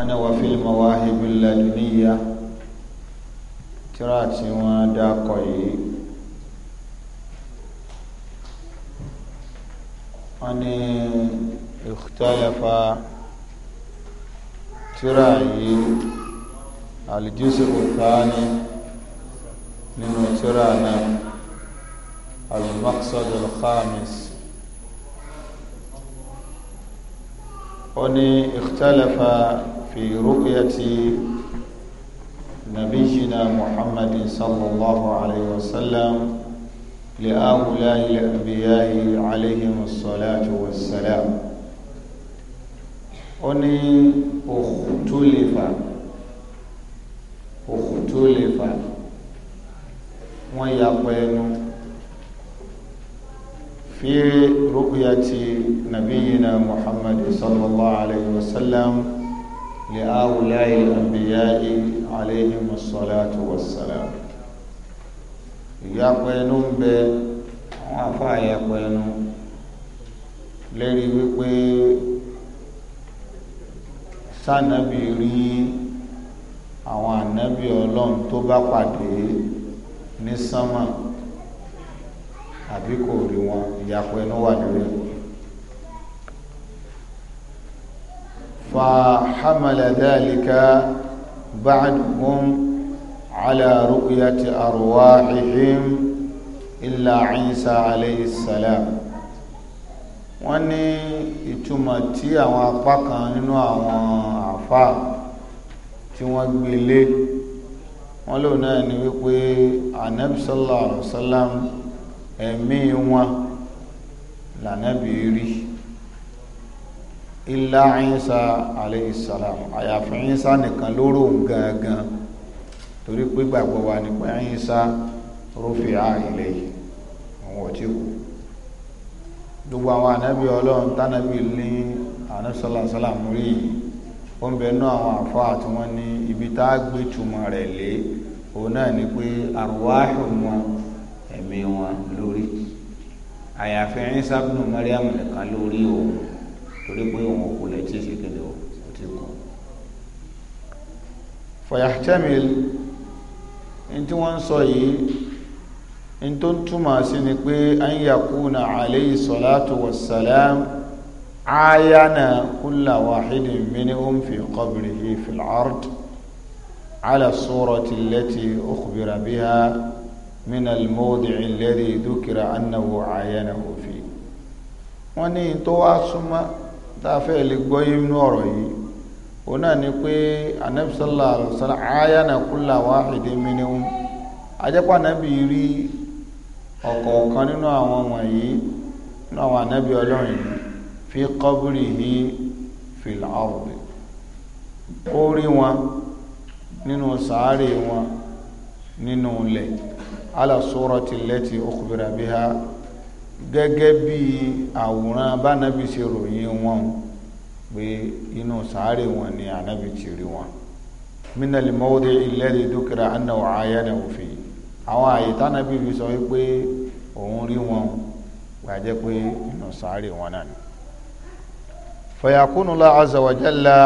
أنا وفي المواهب اللدنية تراتي داقوي أني اختلف تراي الجزء الثاني من ترانا المقصد الخامس أني اختلف في رؤية نبينا محمد صلى الله عليه وسلم لأولاء الأنبياء عليهم الصلاة والسلام أني اختلف اختلف ويقين في رؤية نبينا محمد صلى الله عليه وسلم لهؤلاء الأنبياء عليهم الصلاة والسلام ìyapa ẹnu ń bẹ àwọn afáà yapa ẹnu lérí wípé sànàbì rí àwọn ànábì ọlọ́run tó bá pàdé ní sánmà àbí kò rí wọn ìyapa ẹnu wà lórí ẹ̀ فحمل ذلك بعدهم على رؤية أرواحهم إلا عيسى عليه السلام wọ́n ní ìtumọ̀ tí àwọn apá kan nínú àwọn àfà tí wọ́n gbé lé wọ́n lò náà ni wípé ànábì sallallahu alaihi wasallam ẹ̀mí wọn lànábì rí ilá ìsá aleyhisselam àyàfi ìsá nìkan lóró gangan torí pé gbàgbọ́ wa nípa ìsá rúfìá ilẹ̀ yìí àwọn òtí kù gbogbo àwọn ànábì ọlọ́run tánábì ní ànábìsọ́làsọ́là múrí yìí ó ń bẹnu àwọn àfáà tí wọ́n ní ibi tá a gbé túmọ̀ rẹ̀ lé òun náà ni pé àrùwáhù wọn ẹ̀mí wọn lórí àyàfi ìsá bínú mariam nìkan lórí òun torí pé òun òkú lẹ̀ tí ṣe kéde ò ti kú fọyàtẹ́mìl in tí wọ́n ń sọ yìí in tó ń túmọ̀ sí ni pé an yakuna alayhi salatu wassalam ayana kulla wahidin minhum fi qabrihi fil ard على الصورة التي أخبر بها من الموضع الذي ذكر أنه عاينه فيه وني تواصم táfẹ́ lè gbọ́ inú ọ̀rọ̀ yìí o náà ni pé anabi sallallahu alaihi wasallam ayana kulla wahidin minhum ajẹ́pọ̀ anabi rí ọ̀kọ̀ọ̀kan nínú àwọn wọ̀nyí nínú àwọn anabi ọlọ́run yìí fi qabrihi fil ardi ó rí wọn nínú sàárè wọn nínú ilẹ̀ ala surati allati ukhbira biha gẹ́gẹ́ bí àwòrán abánábì ṣe ròyìn wọn pé inú sàárè wọn ni ànábì ti rí wọn mínàlì mọ́wọ́dé ilẹ́rìí dúkìrá anáwó ayára òfin àwọn àyè tánábì fi sọ wípé òun rí wọn gbàjẹ́ pé inú sàárè wọn náà ni fayakunu la azawajalla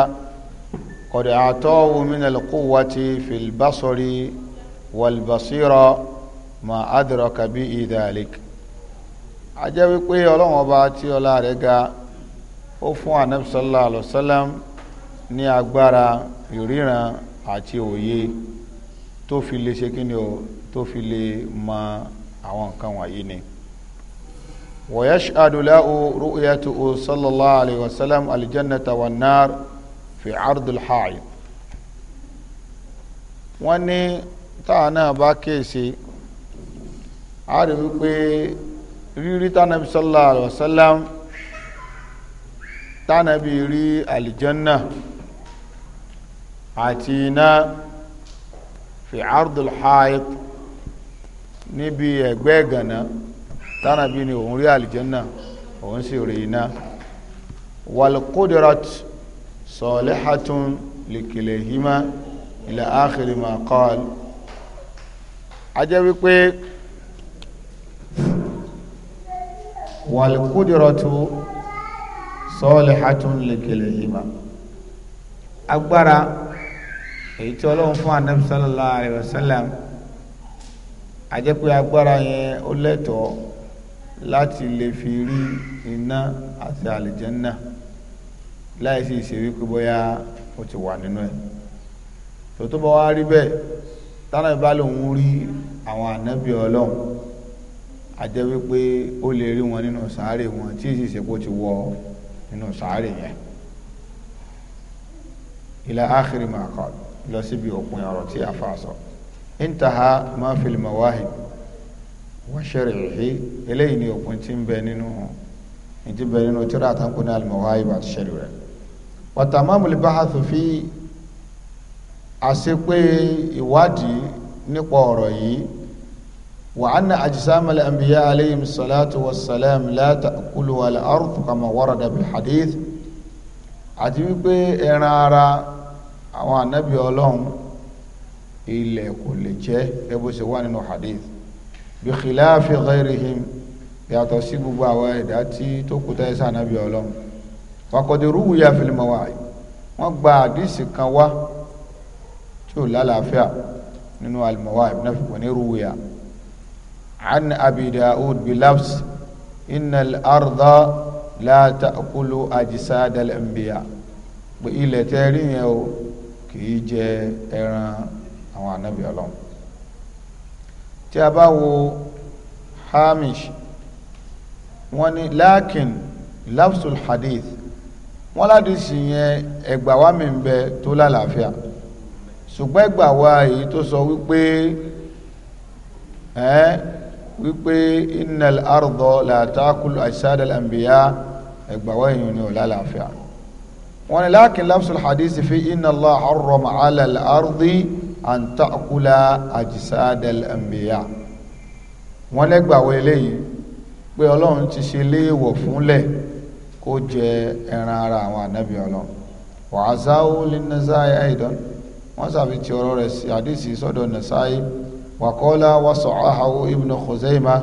قد أعطاه من القوة في البصر والبصيرة ما أدرك به a jẹ́ wípé ọlọ́run ọba tí ọlá rẹ̀ ga ó fún anabi sallallahu alaihi wasallam ní agbára ìríran àti òye tó fi lè ṣe kíni o tó fi lè mọ àwọn nǹkan wọ̀nyí ni wa yashhadu lahu ru'yatuhu sallallahu alaihi wasallam aljannata wan nar fi ardil wọ́n ní táà náà bá kéèsì a rí wípé rírí tánàbí sallallahu alaihi wasallam tánàbí rí alìjánná àti iná fi ardul haid níbi ẹ̀gbẹ́ ìgànná tánàbí ni òun rí alìjánná òun sì rí iná walqudirat salihatun likilehima ila akhiri ma qal a wípé wàlùkúdìrọ̀tù sọ́ọ̀lẹ̀hátún lèkèlè ìmá agbára èyí tí ọlọ́run fún anabi sallallahu alayhi wa sallam àjẹpẹ́ agbára yẹn ó lẹ́tọ̀ọ́ láti lè fi rí iná àti àlìjẹ́nà láì sí ìṣèwé pé bóyá ó ti wà nínú ẹ̀ tó tó bá wá rí bẹ́ẹ̀ tánà ìbá rí àwọn ànábì ọlọ́run àjẹ́ wípé ó lè rí wọn nínú sàárè wọn tí èsì ìsèpò ti wọ nínú sàárè yẹn ila akhiri ma qaal lọ síbi òpin ọ̀rọ̀ tí a fa sọ intaha ma fil mawahib wa shar'ihi eléyìí ni òpin tí ń bẹ nínú tí ń bẹ nínú tíra àtàkù ní al àti shar'i rẹ̀ wa tamamul bahathu fi àṣepé ìwádìí nípa ọ̀rọ̀ yìí وأن أجسام الأنبياء عليهم الصلاة والسلام لا تأكلها الأرض كما ورد بالحديث àti wípé ẹran ara àwọn ànábì ọlọ́run ilẹ̀ kò lè jẹ́ ẹbó ṣe wà nínú hadith bí khilafi ghairihim yàtọ̀ sí gbogbo àwọn ẹ̀dá tí tó kúta ẹsẹ̀ ànábì ọlọ́run fakọ̀dẹ̀rú wùyà fìlìmọ̀wà wọ́n gba àdìsí kan wá tí ò lálàáfíà nínú àlìmọ̀wà ìbínáfíkò ní rúwìyà عن أبي داود بلفظ إن الأرض لا تأكل أجساد الأنبياء ilẹ̀ tẹ́ rí yẹn o kìí jẹ ẹran àwọn ànábì ọlọ́run tí a bá wo hamish wọ́n ní lakin lafsul hadith wọ́n ládìsí yẹn ẹgbà wa mi ń bẹ tó lálàáfíà ṣùgbọ́n ẹgbà wa èyí tó sọ wípé ẹ́ wípé innal ardọ làtàkùl àṣàdàl àmbìyá ẹgbàwọ́ èèyàn ni ọ̀la làáfíà wọn ni láàkín lápsùl hadith fi inna Allah harrama ala al-ardi an ta'kula àjísàdàl àmbìyá wọn lẹ́gbàwọ́ eléyìí pé ọlọ́run ti ṣe léèwọ̀ fúnlẹ̀ kó jẹ ẹran ara àwọn ànábì ọlọ́run wàá sáwó lè wọn sàfi ti ọ̀rọ̀ rẹ̀ sí àdìsí sọ́dọ̀ nasáyé وقال وصعحه ابن خزيمة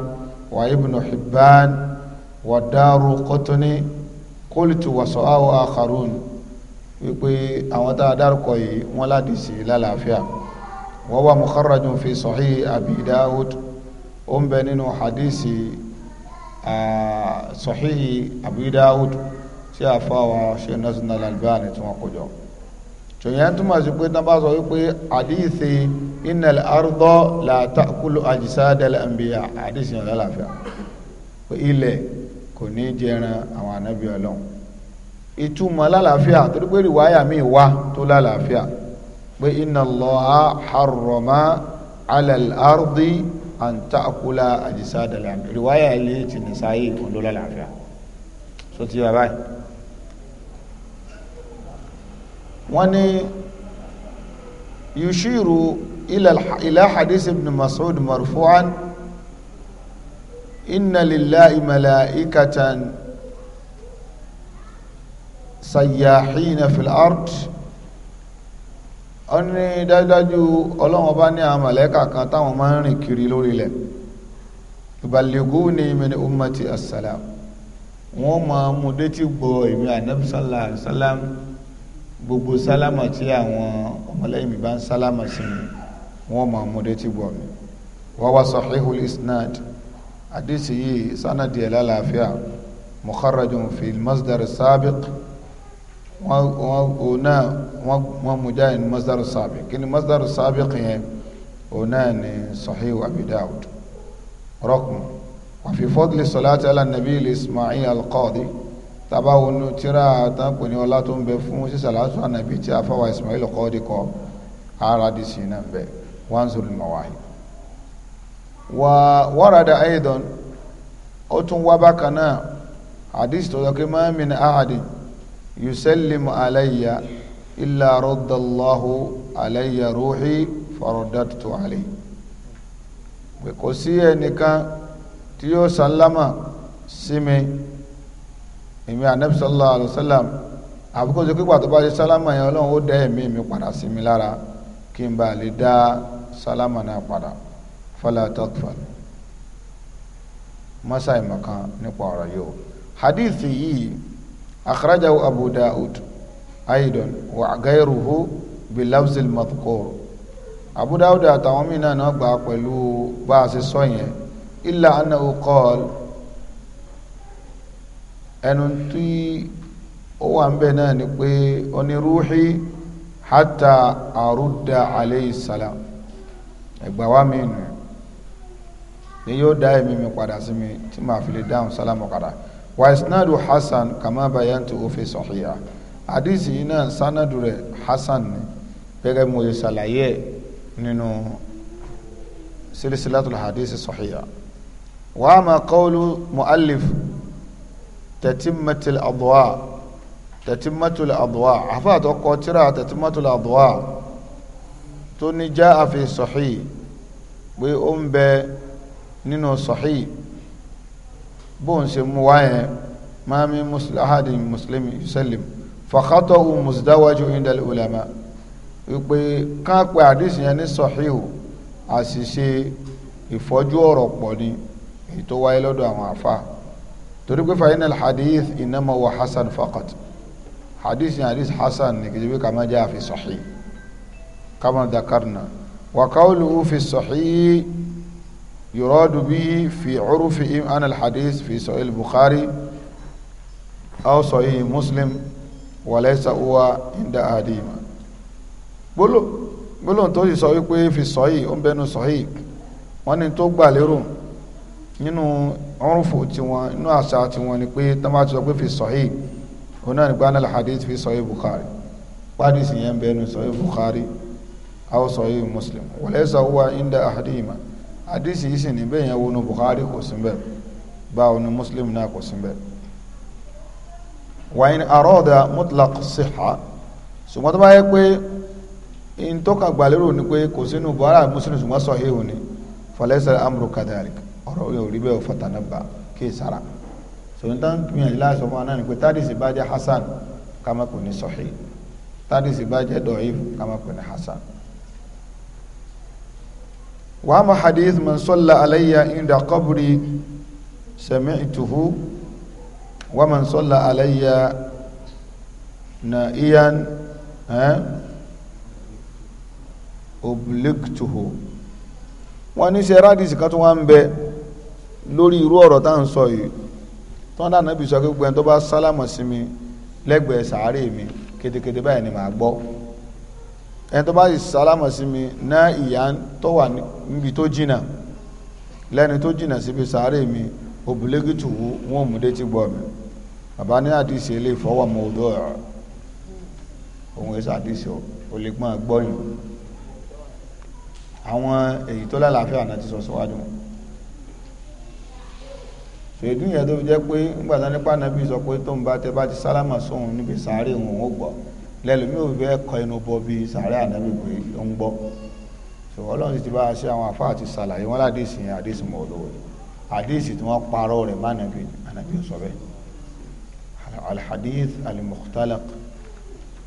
وابن حبان والدار قطني قلت وصعحه آخرون wípé àwọn tá a dárúkọ yìí wọn láti sí lálàáfíà wọ́n wà mukharrajun fi sahih abi dawud ó ń bẹ nínú hadisi sahih abi dawud tí a fa wa ṣe national albani tí wọ́n kó jọ tòyẹn túmọ̀ sí pé tábà sọ wípé hadisi innal ardọ la ta'kulu ajsadal anbiya àdìsí yẹn lálàáfíà pé ilẹ̀ kò ní jẹran àwọn ànábì ọlọ́run ìtumọ̀ lálàáfíà torí pé rìwáyà míì wá tó lálàáfíà pé inna Allaha harrama ala al-ardi an ta'kula ajsadal anbiya rìwáyà ilé ti nìsáyé òǹdó lálàáfíà so ti yàrá yìí yushiru ila hadith ibn Mas'ud marfu'an inna lillahi mala'ikatan sayyahina fil ard ó ní dájúdájú ọlọ́wọ́n bá ní àwọn màlẹ́kà kan táwọn máa ń rìn kiri lórí ilẹ̀ yuballiguni min ummati assalam wọ́n máa mú détí gbọ́ èmi ànábì sallallahu alaihi wasallam gbogbo sálámà tí àwọn ọmọlẹ́yìn mi bá ń sálámà sí mi wọ́n máa mú dé tí gbọ́ mi wọ́n wá sahihul isnad àdìsí yìí sanadi ẹ̀ lálàáfíà mukharrajun fi masdar sabiq wọ́n ọ̀nà wọ́n mú jáde ní masdar sabiq kí ni masdar sabiq yẹn ọ̀nà ni sahihu abi dawud rọ́kùn wàfi fọ́dùlì sọ̀láàtì alànàbí ilẹ̀ ismail alqadi tàbá wọnú tíra àtàkùn ní ọlá tó ń bẹ fún sísàlátù ànàbí tí a ismail alqadi kọ ara dìsí náà bẹ́ẹ̀ وانظر المواهب وورد أيضا أتم وبكنا حديث تذكر ما من أحد يسلم علي إلا رد الله علي روحي فرددت عليه kò sí ẹnìkan tí yóò sálámà sí mi èmi ànábì sallallahu alaihi wasallam àbúkọ́ sí pípàtọ́ bá ṣe sálámà yẹn ọlọ́run ó dẹ́ ẹ̀mí mi padà sí mi lára kí n bá lè dá sálámà náà padà fala taqfal masa ìmọ̀kan nípa ọ̀rọ̀ yóò hadithi yìí akhrajahu abu da'ud aidan wa gairuhu bi lafzil madhkur abu da'ud àtàwọn mìíràn náà gbà pẹ̀lú bá a ṣe sọ yẹn illa annahu qala ẹnu tí ó wà ń bẹ ni pé oní ruhi hatta arudda alayhi salam ẹ̀gbà wá mi nù ni yóò dá ẹ̀mí mi padà sí mi tí màá fi lè dáhùn sálámù padà wa isnadu hasan kama bayantu ofe sọ̀híyà àdìsí yìí náà sanadu rẹ̀ hasan ni gẹ́gẹ́ mo yẹ ṣàlàyé nínú silisilatul hadisi sọ̀híyà wa ma qawlu mu'allif tatimmatul adwa tatimmatul adwa afa àtọkọ tíra tatimmatul adwa tó ní já àfi sahih pé ó ń bẹ nínú sahih bóun ṣe mú wáyẹn máa mi ahadin muslim yusallim fàkátọ̀ ohun musdawaju indal ulama wípé káàpẹ́ àdìsí yẹn ní sahih àṣìṣe ìfọ́jú ọ̀rọ̀ pọ̀ ni èyí tó wáyé lọ́dọ̀ àwọn àfa torí pé fàyínà hadith innama wa hasan faqat hadith yẹn hadith hasan ní kìjìbí kàmájá àfi sahih كما ذكرنا وقوله في الصحيح يراد به في عرف عن الحديث في صحيح البخاري أو صحيح مسلم وليس هو عند أحدهما gbólóhùn tó sì sọ wípé fi sọ́yì ó ń bẹnu sọ́yì wọ́n ní tó gbà lérò nínú ọrùnfò tiwọn inú àṣà tiwọn ni pé tán bá ti sọ pé fi sọ́yì òun náà ní pé anal hadith fi sọ́yì Bukhari pàdé sì yẹn ń bẹnu sọ́yì Bukhari aw sahih muslim walaysa huwa inda ahadihima hadisi yìí sì ní bẹ́ẹ̀ yẹn wọnú bukhari kò sí bẹ́ẹ̀ báwo ni muslim náà kò sí bẹ́ẹ̀. wàyìn àròdà mutlaq siha ṣùgbọ́n tó bá yẹ pé in tó kà gbàlérò ni pé kò sínú buhari muslim ṣùgbọ́n sahih ni falaysa amru kadhalik ọ̀rọ̀ yóò rí bẹ́ẹ̀ fatanabba kí sara sọ̀rọ̀ tán gbìyànjú láti sọ fún wa náà ni pé tádìsì bá hasan kama kò ní sahih tádìsì bá jẹ́ kama kò ní hasan. وأما حديث من صلى علي عند قبري سمعته ومن صلى علي نائيا أبلغته wọ́n ní ṣe rádìsì kan tó wá ń bẹ lórí irú ọ̀rọ̀ tá ń sọ yìí tó ń dà náà sọ pé gbogbo bá sálámọ̀ sí mi lẹ́gbẹ̀ẹ́ sàárè mi kétékété báyìí ni màá gbọ́ ẹni tó bá sì sálámà sí mi ná ìyá tó wà níbi tó jìnà lẹ́ni tó jìnà síbi sàárè mi òbúlégìtù wú wọn ò mú dé ti gbọ́ mi bàbá ní àdìsí ilé ìfọwọ́ mọ odò ọ̀rọ̀ òun èso àdìsí ò lè pọ́n gbọ́yìn àwọn èyí tó lálàáfíà náà ti sọ síwájú fèdú yẹn tó fi jẹ́ pé ńgbàdá nípa nàbí sọ pé tó ń bá tẹ bá ti sálámà sóhun níbi sàárè òun ò gbọ́ lẹ́lòmí ò fẹ́ kọ inú bọ bí sàárẹ̀ ànábì ń gbọ́ so ọlọ́run ti bá a ṣe àwọn afá àti sàlàyé wọn ládìsí yẹn àdìsí mọ̀ lówó àdìsí tí wọ́n parọ́ rẹ̀ má nàbí ànàbí sọ bẹ́ẹ̀ alhadith alimukhtalaq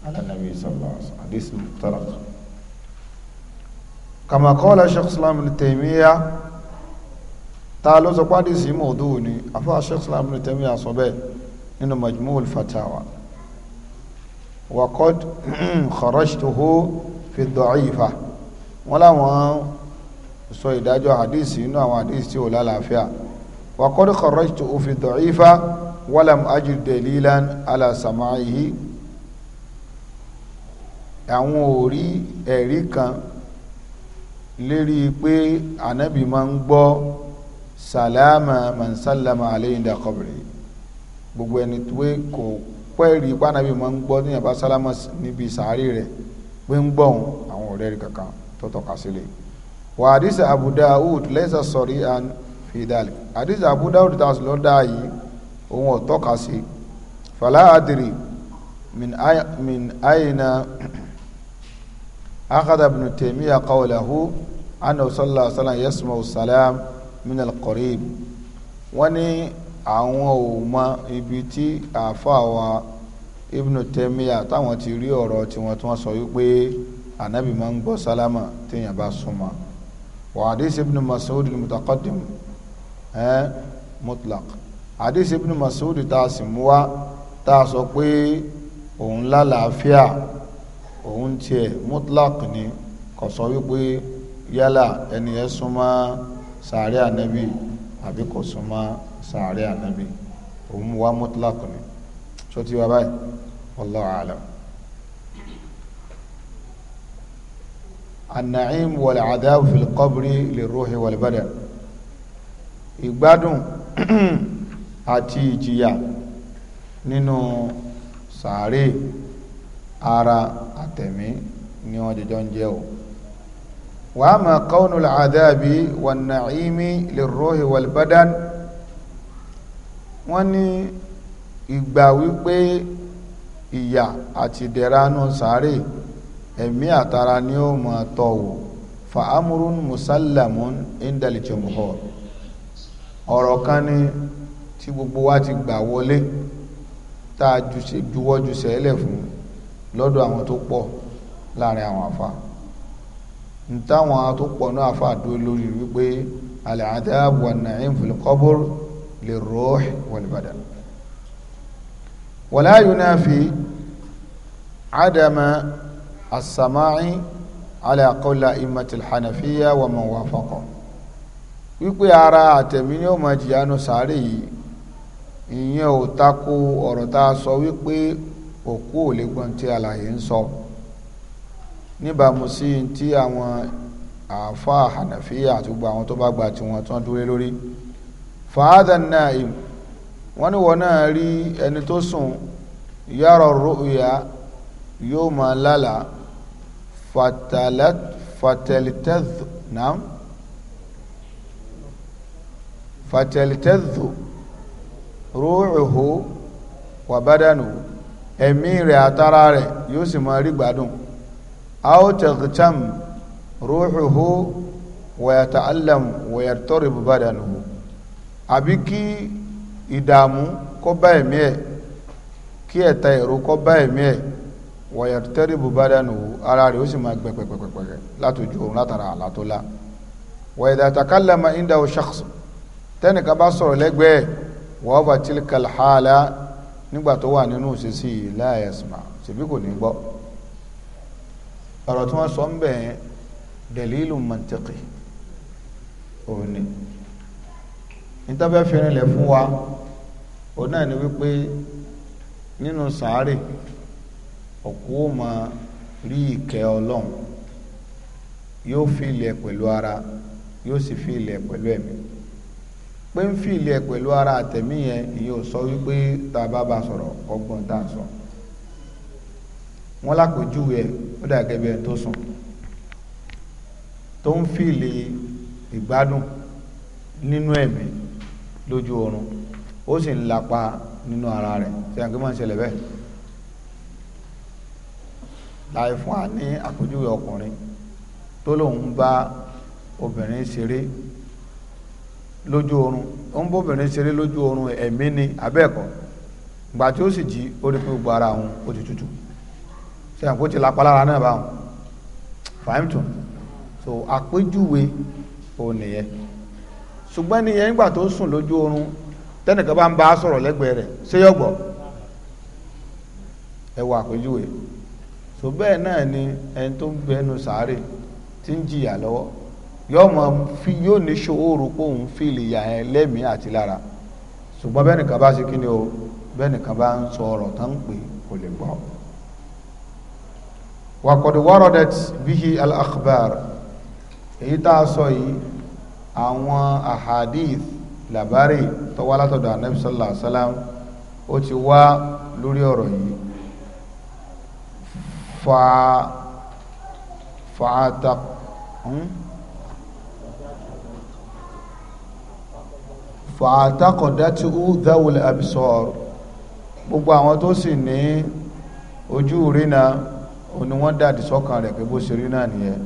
alanabi sallallahu alaihi wasallam àdìsí mukhtalaq. kama qala sheikh islam ibn taymiyyah ta ló sọ pé àdìsí mọ̀ lówó ni afá sheikh islam ibn taymiyyah sọ bẹ́ẹ̀ nínú majmu'ul fatawa wakọ́d kharajtuhu fi da'ifa wọ́n láwọn sọ ìdájọ́ hadisi inú àwọn hadisi tí ò lálàáfíà wakọ́d kharajtuhu fi da'ifa walam ajid dalilan ala sama'ihi àwọn ò ẹ̀rí kan lérí pé ànábì máa ń gbọ́ sàlámà man sallama alayhi gbogbo ẹni tó kò pẹ́ẹ́rì ipá nàbí máa ń gbọ́ níyàbá sálámà níbi sàárè rẹ̀ pé ń gbọ́ òun àwọn ọ̀rẹ́ rẹ̀ kankan tó tọ́ka sílẹ̀ wà àdìsí Abu Dawud lẹ́sà sọ̀rí and fidal àdìsí Abu Dawud tá a sì lọ́ọ́ dá yìí òun ò tọ́ka sí fàlà àdìrì min àyìnà akada ibn Taymiyyah qawlahu anna sallallahu alaihi wasallam yasma'u salam min al wọ́n ní àwọn ò mọ ibi tí àáfàá wa Ibn Taymiyyah táwọn ti rí ọ̀rọ̀ tiwọn tí wọ́n sọ wípé anabi máa ń gbọ́ sálámà téèyàn bá súnmọ́ wa hadith Ibn Mas'ud al-mutaqaddim ẹ́ mutlaq hadith Ibn tá a sì mú wá tá a sọ pé òun lálàáfíà òun tiẹ̀ mutlaq ni kò sọ wípé yálà ẹni ẹ súnmọ́ sàárẹ̀ anabi àbí kò súnmọ́ sàárẹ̀ ànábì òun wá mọ́tíláàkù ni tó ti wá báyìí wallahu a'lam. an-na'im wal-'adab fil qabri lirruhi wal-badan ìgbádùn àti ìjìyà nínú sàárẹ̀ ara àtẹ̀mí ni wọ́n jẹjọ́ ń jẹ́ o. وأما كون العذاب والنعيم للروح والبدن wọ́n ní ìgbà wípé ìyà àti ìdẹ̀ranú sáré ẹ̀mí àtara ni ó mọ̀ tọ̀wò fa'amurun musallamun indal jumhur ọ̀rọ̀ kan ní tí gbogbo wa ti gbà wọlé tá a juwọ́ ju sẹ́lẹ̀ fún lọ́dọ̀ àwọn tó pọ̀ láàrin àwọn àfáà n táwọn tó pọ̀ náà fà dúró lórí wípé al-adhab wan-na'im fil-qabr lir-ruh wal-badan wala yunafi adama as-sama'i ala qawli a'immatil hanafiyya wa man wafaqa wípé ara àtẹ̀mí ni ó máa jìyànú sáré yìí ìyẹn ò takò ọ̀rọ̀ tá a sọ wípé òkú ò lè gbọ́n tí alàyè ń sọ. So níbàámu sí ti àwọn àfa hànàfíà àti gbogbo àwọn tó bá gba tiwọn tán dúró lórí fàádà náà wọ́n ní wọ́n náà rí ẹni tó sùn yàrá ròyà yóò máa lálàá fatalitẹ́dù náà fatalitẹ́dù rúùhù wàbádànù ẹ̀mí rẹ̀ àtàrà rẹ̀ yóò sì máa rí gbádùn أو تغتم روحه ويتألم ويضطرب بدنه àbí kí ìdààmú kó bá ẹ̀mí ẹ̀ kí ẹ̀ta ẹ̀rọ kó bá ẹ̀mí ẹ̀ wọ̀yẹ̀tẹ́rìbù bá dánù ara rẹ̀ ó sì máa gbẹ̀pẹ̀pẹ̀pẹ̀ látòjú òun látara àlá tó lá wọ̀yẹ̀dàtàkálàmà ìndà òṣàkṣù tẹ́nìká bá sọ̀rọ̀ lẹ́gbẹ̀ẹ́ wọ́ọ̀bà tìlkàlhálà nígbà tó wà nínú òṣèṣì láàyẹ̀sùmá ṣèbí kò ní gbọ́ ọ̀rọ̀ tí wọ́n sọ ń bẹ̀ yẹn dalilu mantiki òun ni nítafẹ́ fi rinlẹ̀ fún wa òun náà ni wípé nínú sàárè òkú ó máa rí ìkẹ́ ọlọ́run yóò fi ilẹ̀ pẹ̀lú ara yóò sì fi ilẹ̀ pẹ̀lú ẹ̀mí pé ń fi ilẹ̀ pẹ̀lú ara àtẹ̀mí yẹn ìyẹn ò wípé tá a bá ba sọ̀rọ̀ ọgbọ́n tá a sọ wọ́n lákòójú ẹ̀ ó dà gẹ́gẹ́ bí ẹni tó sùn tó ń fìlè ìgbádùn nínú ẹ̀mí lójú oorun ó sì ń lapa nínú ara rẹ̀ ṣe àgbẹ̀ máa ń ṣẹlẹ̀ bẹ́ẹ̀ láì fún wa ní àpèjúwe ọkùnrin tó lòun bá obìnrin ṣeré lójú oorun ó ń bóbìnrin ṣeré lójú oorun ẹ̀mí ni abẹ́ẹ̀kọ́ gbà ó sì jí ó rí pé gbogbo ara òun ó ti tútù ṣe àpò ti lápá lára náà báwọn fàáìmùtù so àpéjúwe ò nìyẹn ṣùgbọ́n nìyẹn nígbà tó sùn lójú oorun tẹ́nìkan bá ń bá a sọ̀rọ̀ lẹ́gbẹ̀ẹ́ rẹ̀ ṣé gbọ́ ẹ wọ àpéjúwe so bẹ́ẹ̀ náà ni ẹni tó ń bẹnu sàárè tí ń jìyà lọ́wọ́ yóò mọ fi yóò ní ṣòwòrò pé òun fìlì ìyà ẹ lẹ́mìí àti lára ṣùgbọ́n bẹ́ẹ̀ nìkan bá ṣe kí ni o bẹ́ẹ̀ nìkan bá ń sọ ọ̀rọ̀ tán ń pè kò lè gbọ́ wàkọ̀dù waradat bihi al-akhbar èyí tá a sọ yìí àwọn ahadith labari tó wá látọ̀dọ̀ anabi sallallahu alaihi wasallam ó ti wá lórí ọ̀rọ̀ yìí fa fa'ata hmm? fa'ataqadatu dhawul absar gbogbo àwọn tó sì ní ojú rínà òní wọ́n dàdí sọ́kàn rẹ̀ pé bó ṣe rí náà nìyẹn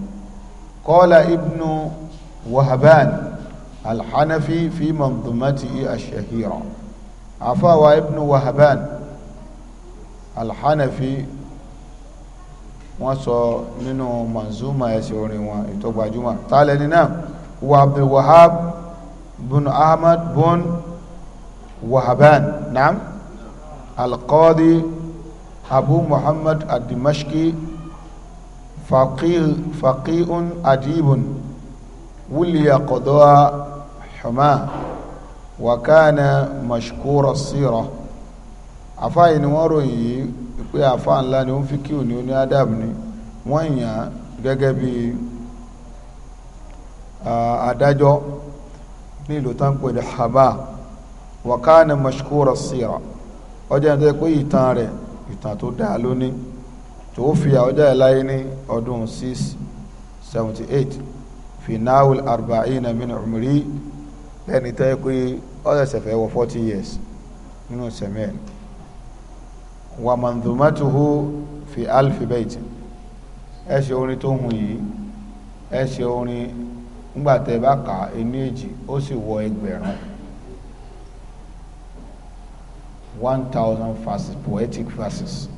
kọ́lá ibnu wahaban alhanafi fi manzumati ashahira àfáwà ibnu wahaban alhanafi wọ́n sọ nínú manzuma ẹsẹ̀ orin wọn ètò gbajúmọ̀ tálẹ́ni náà wa abdul wahab bin ahmad bin wahaban naam alqadi abu muhammad ad-dimashqi faqihun adibun wuliya qada'a huma wa kana mashkura sira afa yìí ni wọ́n ròyìn yìí pé afa ńlá ni ó ń fi kíw ni ó ní adam ni wọ́n yàn gẹ́gẹ́ bí adájọ́ ní ìlú tán pè ní haba wa kana mashkura sira ọjọ́ ìtàn pé ìtàn rẹ̀ ìtàn tó dáa lónìí tó fi àwọjá ẹ̀ láyé ní ọdún fi náwùl arba'ina min umri lẹ́ni tẹ́ pé wọ 14 years nínú sẹ̀mẹ́ẹ̀ wà fi alfi e ẹ ṣe orin tó hun yìí ẹ ṣe orin ńgbàtẹ́ bá kà ẹni èjì ó sì wọ ẹgbẹ̀rún 1000 verses poetic verses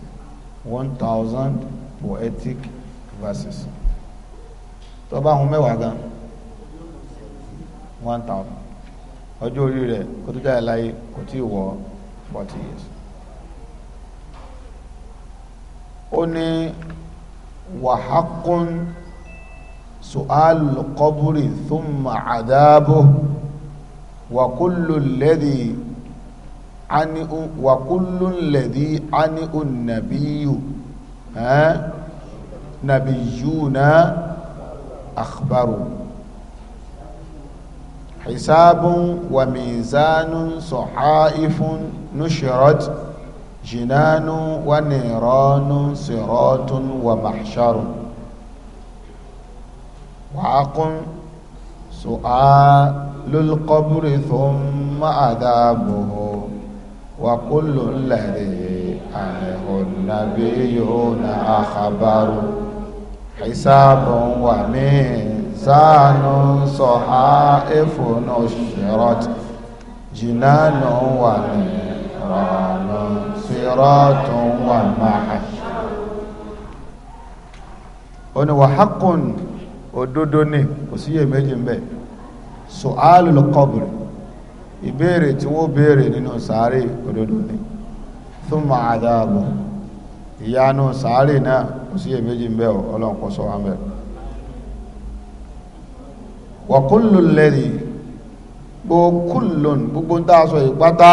1000 poetic verses tó bá hun mẹ́wàá gan 1000 ọjọ́ orí rẹ̀ kó tó jáde láyé kò tí ì wọ 40 years ó ní wàhákún su'al qabri thumma adabu wa kullu alladhi ani wa kullu alladhi ani an-nabiyyu ha nabiyuna akhbaru hisabun wa mizanun sahaifun nushrat jinanun wa niranun siratun wa mahsharun وعق سؤال القبر ثم عذابه وكل الذي عنه النبيون أخبار حساب وميزان صحائف نشرت جنان وميران صراط ومحشر ó ní wàhákùn òdodo ni kò síyè méjì ń bẹ sùálù lọ́kọ́bìrì ìbéèrè tí wọ́n béèrè nínú sàárè òdodo ni thumma adhabu ìyanu sàárè náà kò sí èméjì ń bẹ ọlọ́run kó ṣọ́ wa ń bẹ̀ wa kullu lladhi kullun gbogbo ń tàà sọ ìpátá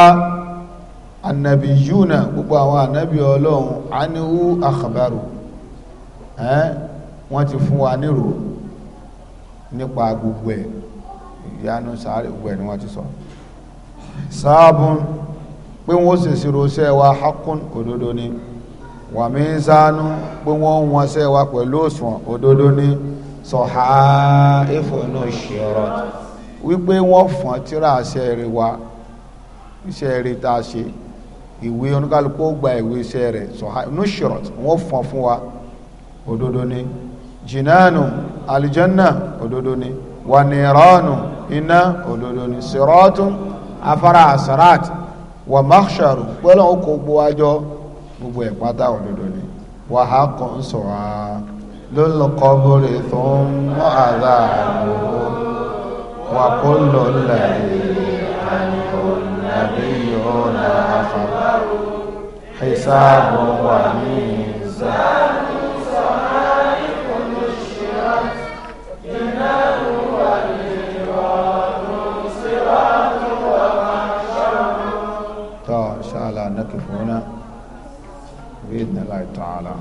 annabiyuna gbogbo àwọn annabi ọlọ́run anihu akhbaru wọ́n ti fún wa nírò nípa gbogbo ẹ̀ ìyanu sàárè gbogbo ẹ̀ ni wọ́n ti sọ so sáàbùn pé wọ́n sì ṣírò iṣẹ́ wa hakun òdodo ni wà mí sánú pé wọ́n wọn iṣẹ́ wa pẹ̀lú òṣùwọ̀n òdodo ni sọ̀há ìfọ̀nù ṣẹ̀rọ̀ wípé wọ́n fọ́n tíra iṣẹ́ rẹ̀ wa iṣẹ́ rẹ̀ tá a ṣe ìwé oníkálukú ó gba ìwé iṣẹ́ rẹ̀ sọ̀há inú ṣẹ̀rọ̀ wọ́n fọ́n fún wa òdodo ni jìnnánu alìjẹ́nà òdodo ni wà ní ìránù iná òdodo ni sirọ́tún afárá asarat wà mahsharu pẹ́lú àwọn kò gbó ajọ́ gbogbo ẹ̀ pátá òdodo ni wà á kàn sọ̀rọ̀ ló ń lọ kọ́ tó ń mọ́ àdá àlùkò wà kó lọ lẹ̀ àlùkò nàbí yóò náà fà hisabu wà ní ìsàn. بإذن الله تعالى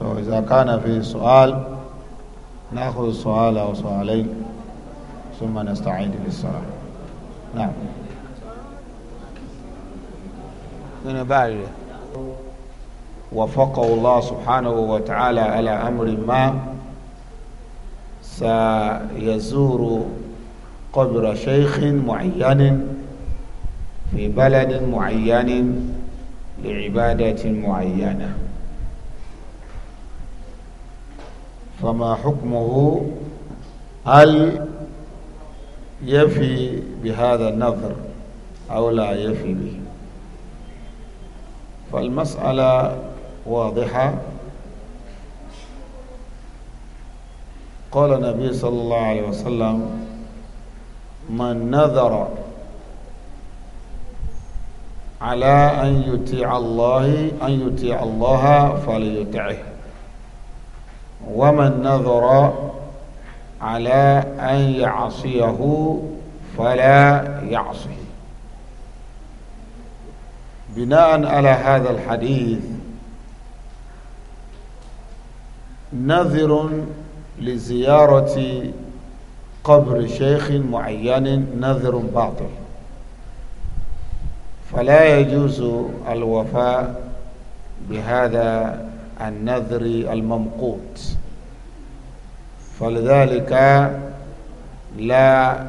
so إذا كان في سؤال نأخذ سؤال أو سؤالين ثم نستعيد للصلاة نعم من بعد وفقه الله سبحانه وتعالى على أمر ما سيزور قبر شيخ معين في بلد معين لعبادة معينة فما حكمه هل يفي بهذا النظر أو لا يفي به فالمسألة واضحة قال النبي صلى الله عليه وسلم من نذر على أن يطيع الله أن يطيع الله فليطعه ومن نظر على أن يعصيه فلا يعصي بناء على هذا الحديث نذر لزيارة قبر شيخ معين نذر باطل فلا يجوز الوفاء بهذا النذر الممقوت فلذلك لا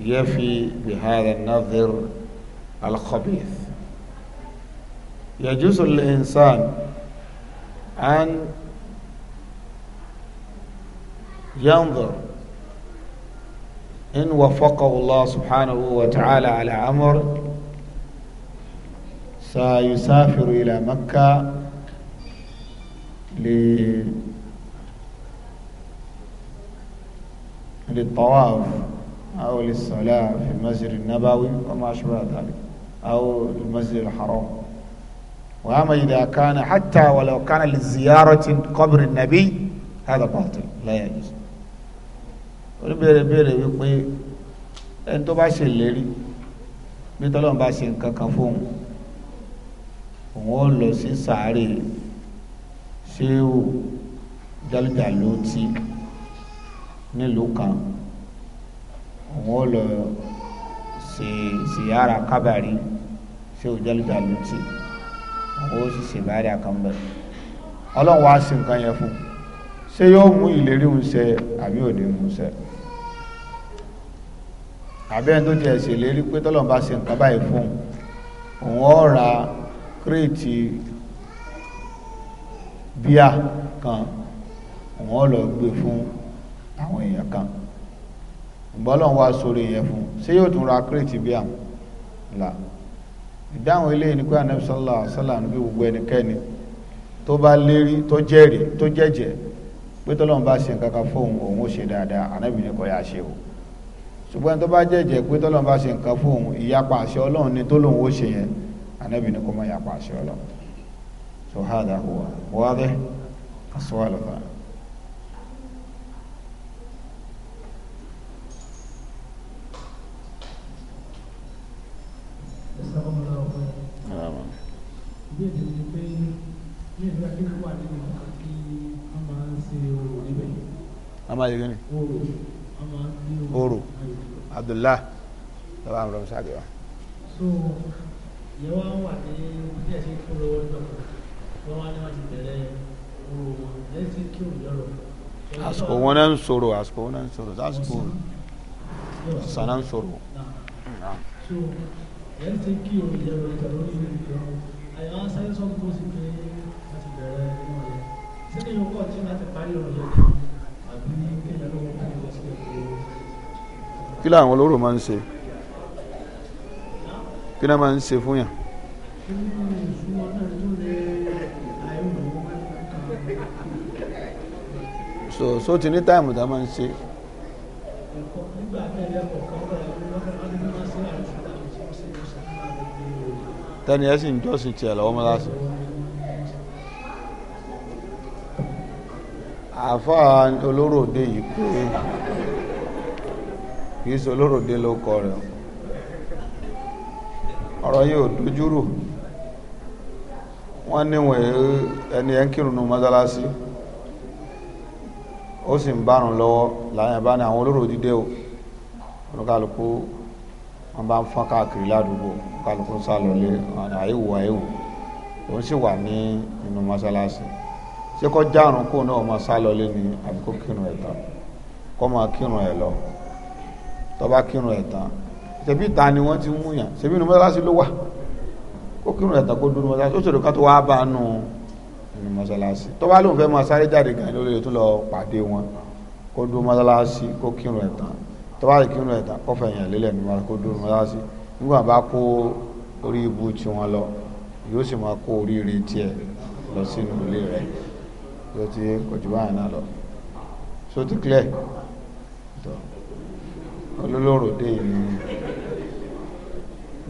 يفي بهذا النذر الخبيث يجوز للإنسان أن ينظر إن وفقه الله سبحانه وتعالى على أمر سيسافر إلى مكة للطواف أو للصلاة في المسجد النبوي وما أشبه ذلك أو المسجد الحرام وأما إذا كان حتى ولو كان لزيارة قبر النبي هذا باطل لا يجوز oníbèrè بيري wípé ẹni tó bá ṣe lérí bí wọ́n lọ sí sàárè ṣéwù jálùjálùtì nílùú kan wọ́n lọ ṣìyára kábàrí ṣéwù jálùjálùtì wọ́n sì ṣèbárí àkànbẹ̀ ọlọ́run wá sí nǹkan yẹn fún ṣé yóò mú ìlérí ń ṣe àbí ò ní mú ṣe àbẹ́rẹ́ tó tiẹ̀ ṣèlérí pé tọ́lọ́run bá ṣe nǹkan báyìí fún òun ó ra kíréètì bíà kan wọ́n lọ gbé fún àwọn èèyàn kan ìgbọ́lọ̀ wá sórí yẹn fún ṣé yóò tún ra kíréètì bíà là ìdáhùn ilé ní pé ànábì sallallahu alaihi wasallam bí gbogbo ẹnikẹ́ni tó bá lérí tó jẹ́rìí tó jẹ́jẹ́ pé tọ́lọ́run bá ṣe nǹkan kan fóun òun ó ṣe dáadáa ànábì ní kó yá ṣe o ṣùgbọ́n tó bá jẹ́jẹ́ pé tọ́lọ́run bá ṣe nǹkan fóun ìyapa àṣẹ ọlọ́run ni tó lòun ó ṣe yẹn anabi ni يا má yàpá àṣẹ ọlọ́run so hada huwa wadih as-su'al ath-thani ìbéèrè ni pé ní ìlú akéwì wà nínú ìlú kí a máa ń ṣe orò níbẹ̀. a máa yege ni. orò abdullahi sọlá àmì rọmísà ìyẹn wá wà ní bí ẹ ṣe kó lọ́wọ́ lọ́kọ̀ wá ní wọ́n ti bẹ̀rẹ̀ owó wọn lẹ́yìn tí kí òun àsìkò wọn náà ń sọ̀rọ̀ àsìkò wọn náà ń sọ̀rọ̀ àsìkò sànà ń sọ̀rọ̀. so lẹ́yìn tí kí òun yọrọ ìjà lórí ìlú ìlú àyà wọn sáré sọ fún sí pé wọ́n ti bẹ̀rẹ̀ inú rẹ̀ sí ọtí láti parí ọ̀rọ̀ yẹn àbí kéèyàn lọ́wọ́ kí wọ́n sì lè kó. kí làwọn olóró máa ń ṣe kí náà máa ń ṣe fún yàn. so so ti ní táìmù tá a máa ń ṣe. tani ẹ sì ń jọ́sìn tiẹ̀ lọ́wọ́ mọ́ lásán. àfáà olóró òde yìí pé kì í ṣe olóró òde ló kọ rẹ̀ o ọ̀rọ̀ yóò dojúrò wọ́n níwọ̀n ẹni ẹ̀ ń kírùnú mọ́sálásí ó sì ń bárùn lọ́wọ́ láyìn bá ní àwọn olóró dídé o olùkálùkù wọn bá ń fọ́n káàkiri ládùúgbò olùkálùkù ń sálọlé àìwò àìwò òun sì wà ní inú mọ́sálásí ṣé kọ́ járùn kó náà máa sálọlé ni àbí kírun ẹ̀ kọ́ máa kírun ẹ̀ lọ tó bá kírun ẹ̀ ṣebí ìta ni wọ́n ti mú yàn ṣebí inú mọ́sálásí ló wà kó kírun ẹ̀tàn kó dúró mọ́sálásí ó ṣòro ká tó wá bá a nù inú mọ́sálásí tó bá lóun fẹ́ máa sáré jáde gan ló lè tún lọ pàdé wọn kó dúró mọ́sálásí kó kírun ẹ̀tàn tó bá lè kírun ẹ̀tàn kó fẹ̀yìn lélẹ̀ nínú kó dúró mọ́sálásí nígbà bá kó orí ibu tiwọn lọ yóò sì máa kó oríire tiẹ̀ lọ sínú ilé rẹ̀ yóò ti kò báyìí náà lọ so ti clear olólóró dé ìní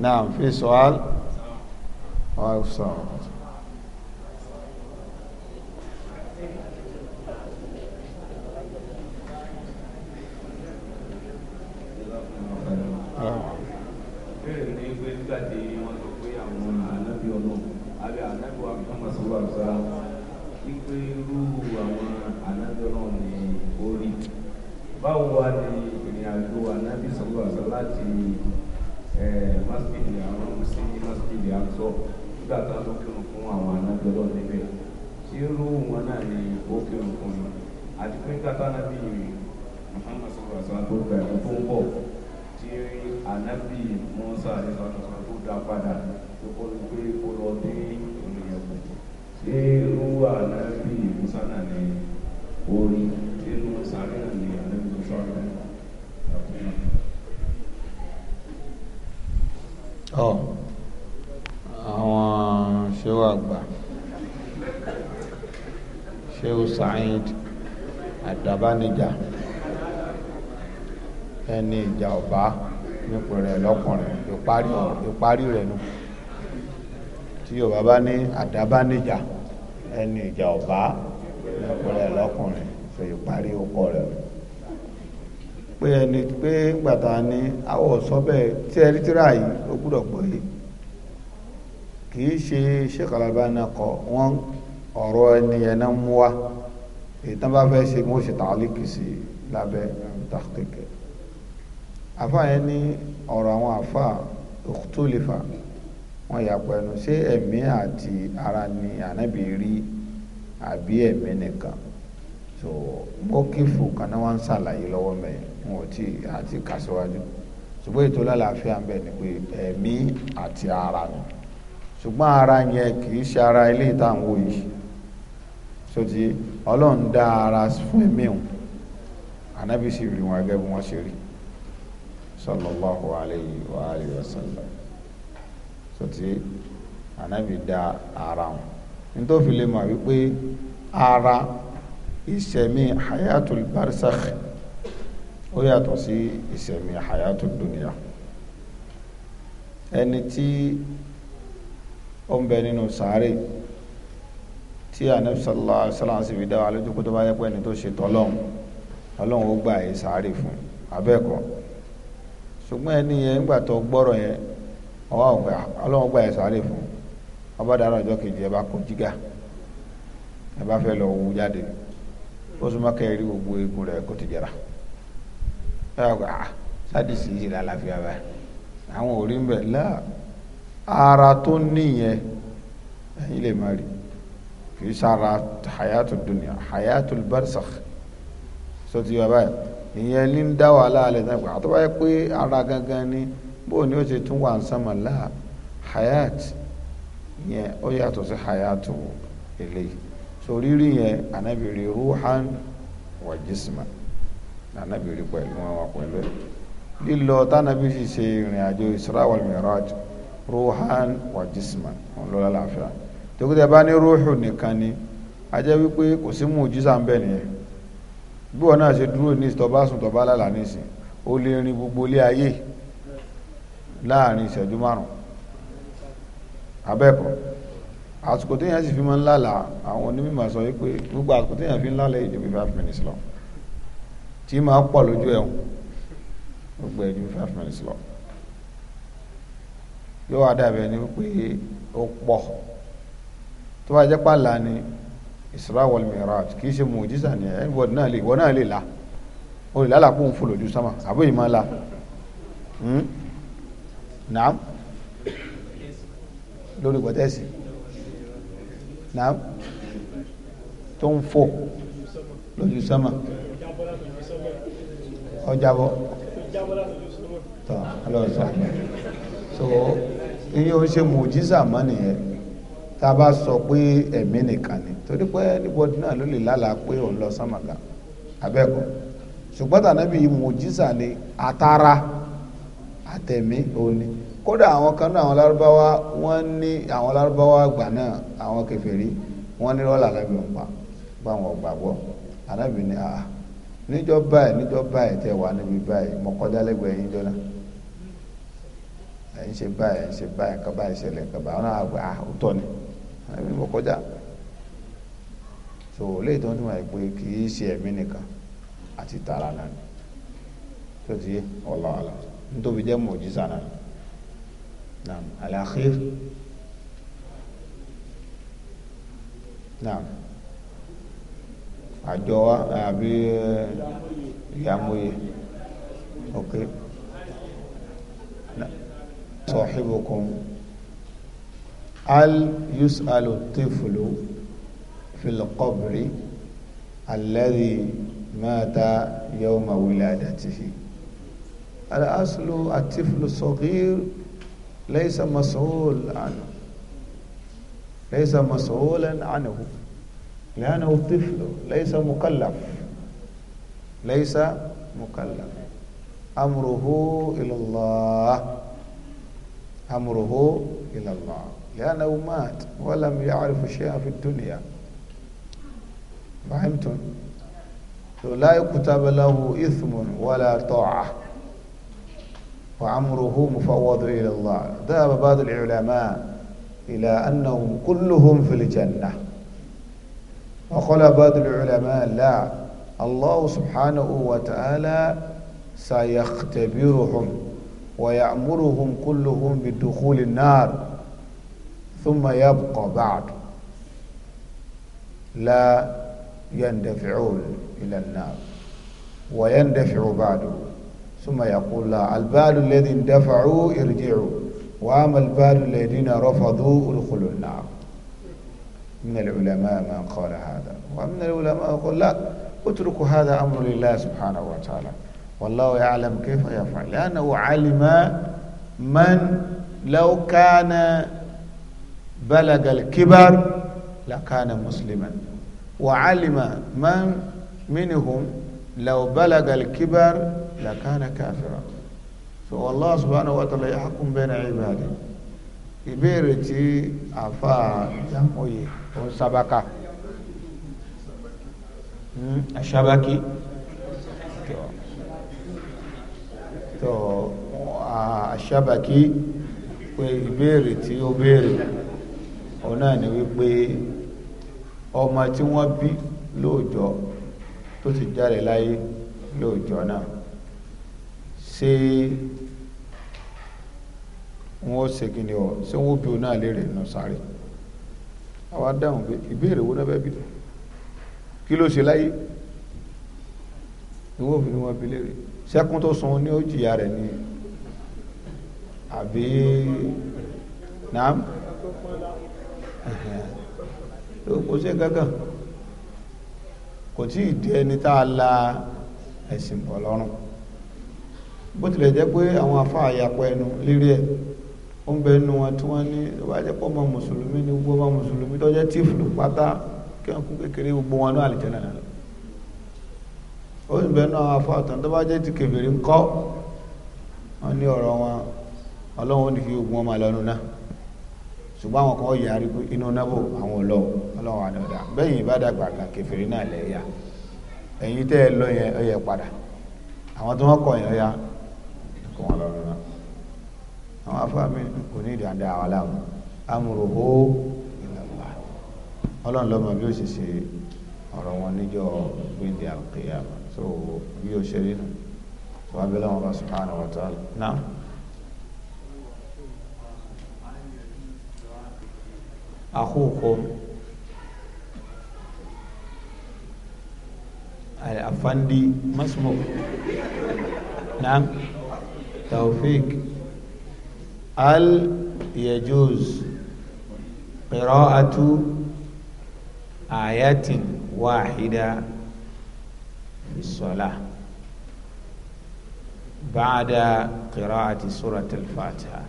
náà fi sọ́ál ọ̀sán báwo wá ni ìrìn àjò ànábì sọ̀rọ̀ àṣà láti masjid àwọn sí masjid àtọ nígbà tá a tó kírun fún àwọn ànábì ọlọ́run níbẹ̀ tí irú wọn náà ni ó kírun fún mi àti pé nígbà tá ànábì Muhammad sọ̀rọ̀ àṣà tó gbà ẹ̀kọ́ tó ń bọ̀ tí ànábì Mùsá àdìsọ́ àtọ̀sọ́ tó dá padà tó kọ́ ló pé kó lọ dé ìrìn ẹ̀kọ́ tí irú ànábì Mùsá náà ni orí èèyàn bá níjà ẹni ìjà ọ̀bá nípò rẹ̀ lọ́kùnrin ìparí rẹ̀ nù tí Yorùbá bá ní àdábá níjà ẹni ìjà ọ̀bá nípò rẹ̀ lọ́kùnrin ìparí ọkọ rẹ̀ pé ẹni pé gbàtà ni àwọ̀ sọ́bẹ̀ tí ẹni tíra yìí ó gbúdọ̀ pọ̀ yìí kì í ṣe Sheikh Al-Albani náà kọ wọ́n ọ̀rọ̀ ẹni ẹ̀ mú wa ìtàn bá fẹ́ ṣe wọ́n ṣe tàálíkì sí lábẹ́ tàkìkì àfa yẹn ní ọ̀rọ̀ àwọn àfa òkútólèfà wọ́n yàpọ̀ ẹnu ṣé ẹ̀mí àti ara ni ànábì rí àbí ẹ̀mí nìkan so mọ́kífù kan náà wọ́n ń ṣàlàyé lọ́wọ́ mẹ́yìn wọn ò tí àti kàṣíwájú ṣùgbọ́n ètò lálàáfíà ń bẹ ni pé ẹ̀mí àti ara ni ṣùgbọ́n ara yẹn kì í ṣe ara ilé ìtàn wò yìí so ti ọlọ́run dá ara fún ẹ̀mí òun anábì sì rí wọn gẹ́gẹ́ bí wọ́n ṣe rí sallallahu alayhi wa alayhi wa sallam sọtí anábì dá ara wọn nítorí lè mọ̀ wípé ara ìṣẹ̀mí hayatul barzakh ó yàtọ̀ sí ìṣẹ̀mí hayatul dunya ẹni tí ó ń bẹ nínú sàárè tí anabi sallallahu alaihi wasallam sì fi dá wa lójú kó tó bá yẹ pé ẹni tó ṣe tọ́lọ́hún ọlọ́run ó gbà yìí sáré fún abẹ́ẹ̀kọ́ ṣùgbọ́n ẹni yẹn nígbà tó gbọ́rọ̀ yẹn ọwọ́ ọgbà ah, ọlọ́run gbà yìí sáré fún ọba dára ọjọ́ kejì ẹ bá kó jígà ẹ bá fẹ́ lọ wú jáde ó súnmọ́ kẹrí gbogbo eegun rẹ̀ kó ti jẹrà ẹ wá gbà ah, sádìsì yìí rà láfi abẹ àwọn ò ń bẹ̀ láà ara tó níyẹn ẹ̀yin lè má rí i kìí sara hayatu dunya hayatu barzakh so ti yọba ìyẹn ní ń dá wàhálà alẹ́ náà pé àtọ́wá yẹ pé ara gangan ni bóò ni ó ti tún wà ń sánmà láà hayat yẹn ó yàtọ̀ sí hayatu eléyìí so rírí yẹn anabi rí ruhan wa jisma anabi pẹ̀lú wọn wà pẹ̀lú lílọ tánàbí sì ṣe ìrìn àjò isra wal ruhan wa jisma òun ló lálàáfíà tókítẹ́ bá ní rúhù nìkan ni a jẹ́ wípé kò sí mùjísà ń bẹ nìyẹn bí wọn náà ṣe dúró ní tọba sùn tọba lálà nísìn ó lè rin gbogbo ilé ayé láàrin ìṣẹ́jú márùn abẹ́ẹ̀kọ́ àsìkò téèyàn sì fi máa ń lálà àwọn onímọ̀ sọ wípé gbogbo àsìkò téèyàn fi ń lálà èdè bíi five lọ tí máa pọ̀ lójú ẹ̀hún gbogbo ẹ̀jú five minutes lọ yóò wá dàbẹ̀ ni wípé ó pọ̀ tó bá jẹ́ pàlà ni Isra wal Miraj kì í ṣe mùjísà ni ẹ̀ wọ́n náà lè wọ́n náà lè la o lè lálàpọ̀ òun fòlòjú sánmà àbó yìí máa la hmm? naam lórí gbọ̀tẹ́sì naam tó ń fò lójú sánmà ọjàbọ̀ tọ́ ọlọ́sàn so iye ó ṣe mùjísà mọ́ nìyẹn tá a bá sọ pé ẹ̀mí nìkan ni torí pé anybody náà ló lè lálàá pé òun lọ sánmàgà abẹ́kọ̀ ṣùgbọ́n tànàbí mùjísà ni àtàrà àtẹ̀mí òní kódà àwọn kan náà àwọn lárúbáwá wọ́n ní àwọn lárúbáwá gbà náà àwọn kèfèrí wọ́n ní rọ́là lábẹ́ wọn pa bá wọn gbàgbọ́ ànábì ni àà ah, níjọ báyìí níjọ báyìí tẹ wà níbi báyìí mo kọjá lẹ́gbẹ̀ẹ́ yín jọ́nà ẹ̀ ń ṣe báyìí ẹ̀ ń ṣe báyìí kaba ìṣẹ̀lẹ̀ kaba àwọn àgbà àtọ́ ah, ni ẹ̀mí mo kọjá so léyìí tó ń túmọ̀ pé kì í ṣe ẹ̀mí nìkan àti tààrà náà ni tó ti yé ọlọ́ àlọ́ nítorí jẹ́ mọ̀jísà náà naam alaxir naam àjọ wa àbí eh, ìyàmóye ok So, هل يسأل الطفل في القبر الذي مات يوم ولادته الأصل الطفل الصغير ليس مسؤول عنه ليس مسؤولا عنه لأنه طفل ليس مكلف ليس مكلف أمره إلى الله أمره إلى الله لأنه مات ولم يعرف شيئا في الدنيا فهمتم لا يكتب له إثم ولا طاعة وعمره مفوض إلى الله ذهب بعض العلماء إلى أنهم كلهم في الجنة وقال بعض العلماء لا الله سبحانه وتعالى سيختبرهم ويأمرهم كلهم بدخول النار ثم يبقى بعد لا يندفعون إلى النار ويندفع بعده ثم يقول لا البال الذي اندفعوا ارجعوا وأما البال الذين رفضوا ادخلوا النار من العلماء من قال هذا ومن العلماء يقول لا اتركوا هذا أمر لله سبحانه وتعالى والله يعلم كيف يفعل لأنه علم من لو كان balagal kibar lakana musliman wa alima man minihum law balagal kibar lakana kafira so allah subhanahu wa ta'ala yahkum bayna ibadihi ìbéèrè tí àfa jàmóye ó ń sábàkà hmm, àṣàbàkì tó àṣàbàkì ìbéèrè tí ó béèrè òun náà ni wípé ọmọ tí wọ́n bí lóòjọ́ tó sì jáde láyé lóòjọ́ náà ṣé wọ́n ṣe kí ni ọ̀ ṣé wọ́n bí òun náà léèrè nù sáré àwa dáhùn pé ìbéèrè wo náà bẹ́ẹ̀ bí kí ló ṣe láyé ìwọ òfin ni wọ́n bí léèrè ṣẹ́kún tó sun ní ó jìyà rẹ̀ ni àbí nàá. kò sí kankan kò tí ì di ẹni tá a la ẹ̀sìn bọ̀ lọ́rùn bó tilẹ̀ jẹ́ pé àwọn afá àyàpọ̀ ẹnu lérí ẹ̀ ó ń bẹ nínú wọn tí wọ́n ní wá jẹ́ pọ̀ mọ́ mùsùlùmí ní gbogbo mọ́ mùsùlùmí pátá kí wọ́n kú kékeré gbogbo wọn náà ti ńkọ́ wọ́n ní ọ̀rọ̀ wọn ọlọ́run ní ṣùgbọ́n àwọn kan yà á rí pé inú nábò àwọn ọlọ́ ọlọ́run àdọ̀dà bẹ́yìn ìbádàgbà kẹfìrí náà lẹ́yà ẹ̀yin tẹ́ ẹ lọ yẹn ó yẹ padà àwọn tí wọ́n kọ̀ yẹn ya kọ́ wọn lọ́rùn náà àwọn afáàmì kò ní ìdàdà àwọn aláwọ̀ amúròhó ìlànà ọlọ́run lọ́mọ bí ó sì ṣe ọ̀rọ̀ wọn níjọ́ gbéǹde àkèyà so bí ó ṣe rí nù sọ abẹ́lẹ́ bá subhanahu wa ta'ala náà. أخوكم الأفندي ما اسمه نعم توفيق هل يجوز قراءة آيات واحدة في الصلاة بعد قراءة سورة الفاتحة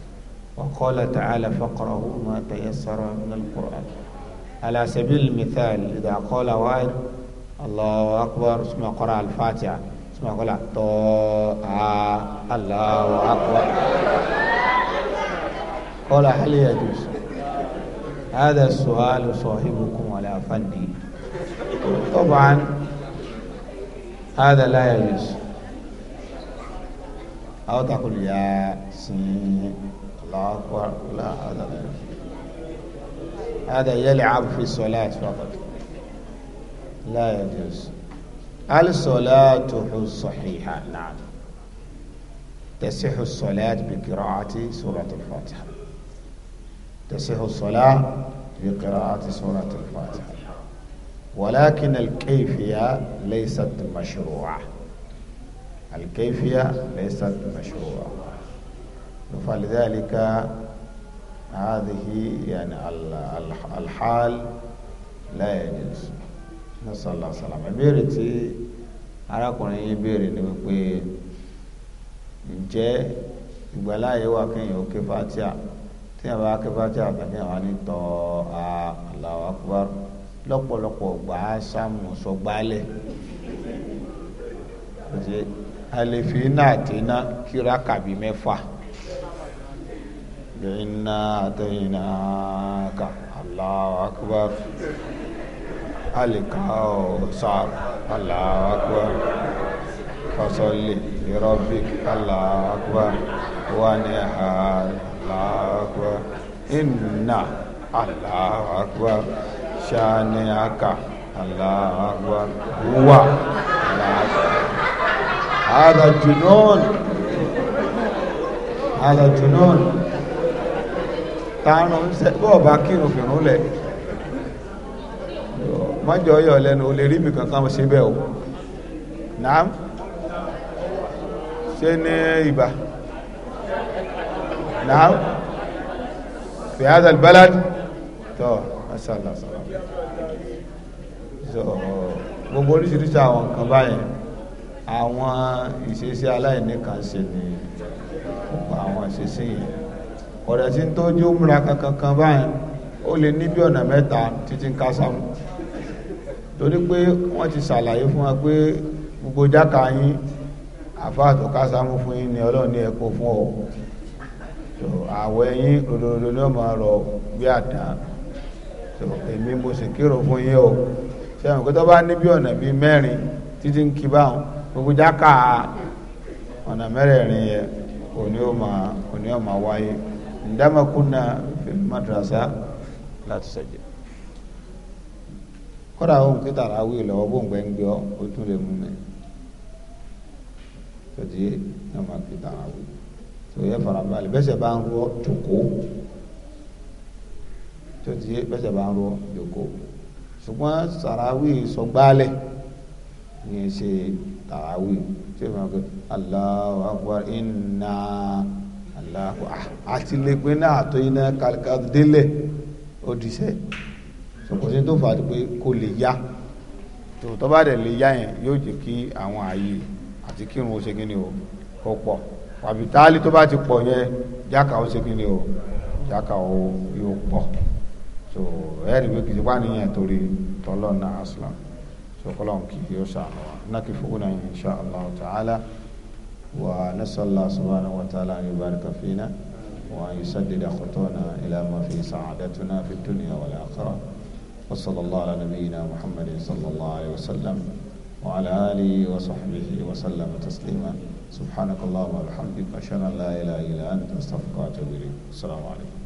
وقال تعالى فقره ما تيسر من القرآن على سبيل المثال إذا قال واحد الله أكبر ثم قرأ الفاتحة ثم قال طه الله أكبر قال هل يجوز هذا السؤال صاحبكم على فني طبعا هذا لا يجوز أو تقول يا سين الله أكبر لا هذا هذا يلعب في الصلاة فقط لا يجوز الصلاة الصحيحة نعم تصح الصلاة بقراءة سورة الفاتحة تصح الصلاة بقراءة سورة الفاتحة ولكن الكيفية ليست مشروعة الكيفية ليست مشروعة فلذلك هذه يعني الحال لا يجوز نسأل الله السلامة ìbéèrè tí arákùnrin yìí béèrè ni wípé ǹjẹ́ ìgbàláyé wà kéèyàn ó ké fatia téèyàn bá ké fatia tàbí àwọn anítọ́ Allahu Akbar lọ́pọ̀lọpọ̀ gbà á sàmùsọ gbálẹ̀ alẹ́ fi náà tẹ̀ ná kíra kàbí mẹ́fà. إنا أتيناك الله أكبر صار الله أكبر فصل لربك الله أكبر ونهار الله أكبر إنا الله أكبر شانئك الله أكبر هو الله أكبر هذا جنون هذا جنون tààrùn bọ́ọ̀bá kírun fìrún lẹ̀ mọ́jọ yọ lẹ́nu o lè rí mi kankan ṣe bẹ́ẹ̀ o naam ṣe ní ibà naam fi balad tọ́ masala so gbogbo oríṣiríṣi àwọn nǹkan báyìí àwọn ìṣesí aláìníkan ṣe ni àwọn ìṣesí yìí ọ̀rẹ́ tí ń tójú múra kankan kan báyìí ó lè ní bí ọ̀nà mẹ́ta títí ń kásámù torí pé wọ́n ti ṣàlàyé fún wa pé gbogbo jáka yín àfáà tó kásámù fún yín ni ọlọ́run ní ẹ̀kọ́ fún ọ àwọ̀ ẹ̀yìn ròdòdò ni wọ́n máa rọ̀ bí àdá èmi mo sì kírò fún yín o sẹ́wọ̀n kó tó bá ní bí ọ̀nà bíi mẹ́rin títí ń kí báwọn gbogbo jáka ọ̀nà mẹ́rẹ̀ẹ̀rin yẹn òní ó wáyé ndama kunna fil madrasa láti sọjẹ kódà ohun kíta ara wí lọ́wọ́ bó ń gbẹ ń gbé ọ ó tún lè mú mi tòtí náà máa kíta ara wí tó yẹ farabalẹ̀ bẹsẹ bá ń rọ jòkó tòtí bẹsẹ bá ń rọ jòkó ṣùgbọ́n sàràwí sọgbálẹ̀ ní ṣe tàràwí tí ó inna láàpọ̀ àti lè pé náà àtò iná kàlíkà délẹ̀ òdìṣẹ́ sọ̀kọ̀sí tó fà á pé kò lè yá tó tọ́ bá dẹ̀ lè yá yẹn yóò jẹ́ kí àwọn ààyè àti kírun ó ṣe kí ni o kò pọ̀ àbí táálí tó bá ti pọ̀ yẹn jáka ó ṣe kí ni o jáka ó yóò pọ̀ so ẹ̀rí pé kìí wá níyẹn torí tọ́lọ́ náà aslam so kọ́lọ́n kì í yóò ṣàánú wa náà kì í fowó náà insha Allah ta'ala. ونسأل الله سبحانه وتعالى أن يبارك فينا وأن يسدد خطونا إلى ما في سعادتنا في الدنيا والآخرة وصلى الله على نبينا محمد صلى الله عليه وسلم وعلى آله وصحبه وسلم تسليما سبحانك اللهم وبحمدك أشهد أن لا إله إلا أنت أستغفرك وأتوب إليك السلام عليكم